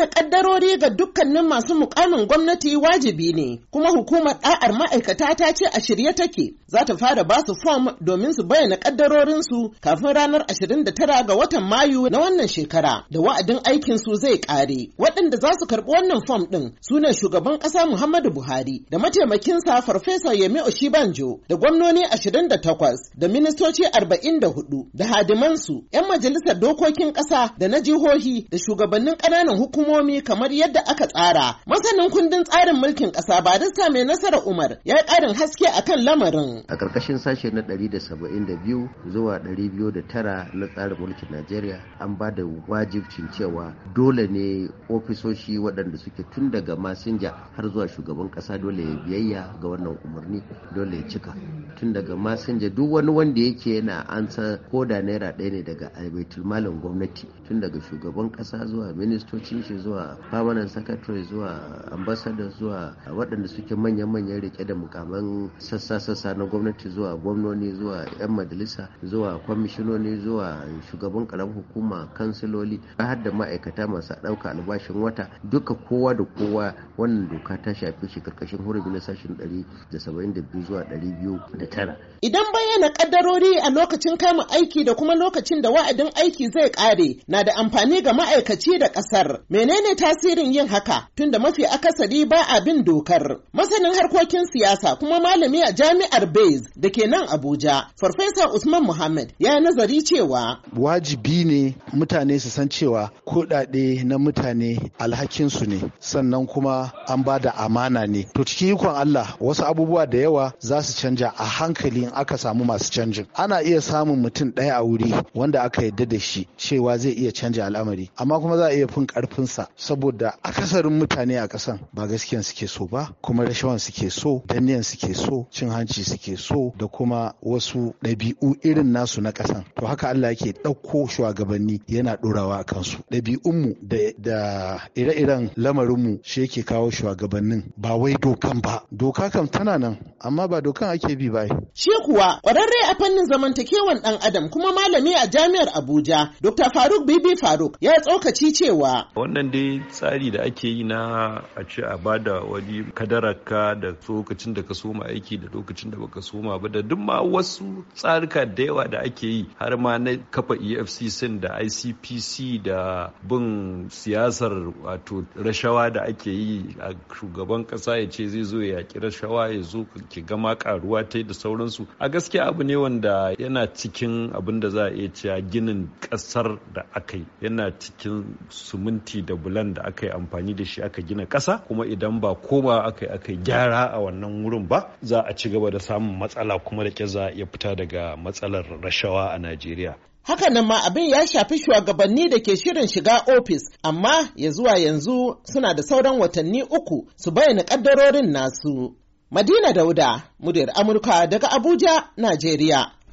Adana kaddarori ga dukkanin masu mukamin gwamnati wajibi ne, kuma hukumar da'ar ma'aikata ta ce a shirye take za ta fara ba su fom domin su bayyana kaddarorinsu kafin ranar 29 ga watan Mayu na wannan shekara da wa'adin aikinsu zai kare. Waɗanda za su karɓi wannan fom ɗin su ne shugaban ƙasa Muhammadu Buhari da mataimakinsa Farfesa Yemi Oshibanjo da gwamnoni 28 da ministoci 44 da hadimansu 'yan majalisar dokokin ƙasa da na jihohi da shugabannin ƙananan hukumomi hukumomi kamar yadda aka tsara. Masanin kundin tsarin mulkin ƙasa Barista mai nasara Umar ya ƙarin haske akan lamarin. A ƙarƙashin sashe na 172 zuwa 209 na tsarin mulkin Najeriya an ba da wajibcin cewa dole ne ofisoshi waɗanda suke tun daga masinja har zuwa shugaban ƙasa dole ya biyayya ga wannan umarni dole ya cika tun daga masinja duk wani wanda yake yana ansa koda naira ɗaya ne daga baitul malam gwamnati tun daga shugaban ƙasa zuwa ministocin shi zuwa permanent secretary zuwa ambassador zuwa waɗanda suke manya manyan rike da mukaman sassa-sassa na gwamnati zuwa gwamnoni zuwa 'yan majalisa zuwa kwamishinoni zuwa shugaban karamar hukuma kansiloli har da ma'aikata masu ɗauka albashin wata duka kowa da kowa wannan doka ta shafi shi karkashin hurumi na sashen 172 zuwa 209 idan bayyana kaddarori a lokacin kama aiki da kuma lokacin da wa'adin aiki zai kare na da amfani ga ma'aikaci da ƙasar mene Menene tasirin yin haka tunda mafi akasari ba a bin dokar? Masanin harkokin siyasa kuma malami a jami'ar Bez da ke nan Abuja, Farfesa Usman Muhammad ya nazari cewa. Wajibi ne mutane su san cewa kuɗaɗe na mutane alhakinsu ne sannan kuma an ba da amana ne. To cikin ikon Allah wasu abubuwa da yawa za su canja a hankali in aka samu masu canjin. Ana iya samun mutum ɗaya a wuri wanda aka yarda da shi cewa zai iya canja al'amari amma kuma za a iya fin ƙarfin sa saboda akasarin mutane a kasan ba gaskiyan suke so ba kuma rashawan suke so danniyan suke so cin hanci suke so da kuma wasu ɗabi'u irin nasu na kasan to haka Allah yake ɗauko shugabanni yana ɗorawa a kansu ɗabi'unmu da ire-iren lamarinmu shi yake kawo shugabannin ba wai dokan ba doka kam tana nan amma ba dokan ake bi ba. Shi kuwa ƙwararre a fannin zamantakewan ɗan adam kuma malami a jami'ar Abuja Dr. Faruk Bibi Faruk ya tsokaci cewa. Wannan dai tsari da ake yi na a ce a bada wani kadaraka da lokacin da ka soma aiki da lokacin da baka soma ba da duk ma wasu tsarika da yawa da ake yi har ma na kafa EFCC da ICPC da bin siyasar wato rashawa da ake yi a shugaban ƙasa ya ce zai zo ya yaki rashawa ya zo ki gama karuwa ta da sauransu a gaskiya abu ne wanda yana cikin abin da za a iya cewa ginin kasar da aka yi yana cikin suminti da bulan da aka yi amfani da shi aka gina kasa kuma idan ba koma aka yi aka gyara a wannan wurin ba za a ci gaba da samun matsala kuma da ke za a iya fita daga matsalar rashawa a najeriya Hakanan ma abin ya shafi shugabanni da ke shirin shiga ofis, amma ya zuwa yanzu suna da sauran watanni uku su bayyana ƙaddarorin nasu. Madina Dauda, muryar Amurka daga Abuja, Najeriya.